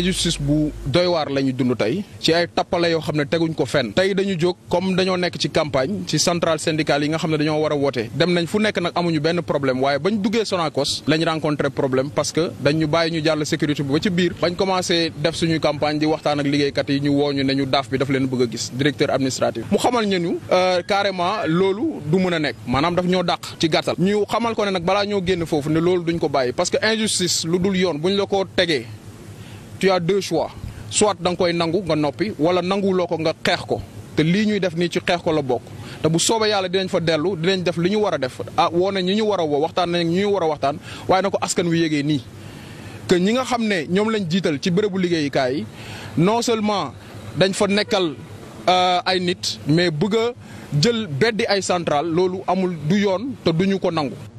injustice bu doy waar ñu dund tey ci ay tappale yoo xam ne teguñ ko fenn tey dañu jóg comme dañoo nekk ci campagne ci centrale syndicale yi nga xam ne dañoo war a woote dem nañ fu nekk nag amuñu benn problème waaye bañ duggee Sonacos lañ rencontré problème parce que dañ ñu bàyyi ñu jàll sécurité bi ba ci biir bañ commencé def suñu campagne di waxtaan ak kat yi ñu wooñu ne ñu daaf bi daf leen bëgg a gis directeur administratif mu xamal ñu euh, loolu du mën a maanaam daf ñoo dàq ci gàttal ñu xamal ko ne nag balaa ñoo génn foofu ne loolu duñ ko bàyyi parce que injustice lu dul yoon buñ la ko tegee tu as deux choix soit da koy nangu nga noppi wala nanguwuloo ko nga xeex ko te lii ñuy def nii ci xeex ko la bokk te bu soobee yàlla dinañ fa dellu dinañ def li ñu war a def ah woo nañ ñi ñu war a woo waxtaan nañ ñi ñu war a waxtaan waaye na ko askan wi yégee nii que ñi nga xam ne ñoom lañ jiital ci bërëbu liggéeyukaay yi non seulement dañ fa nekkal euh, ay nit mais bëgg a jël beddi ay centrale loolu amul du yoon te duñu ko nangu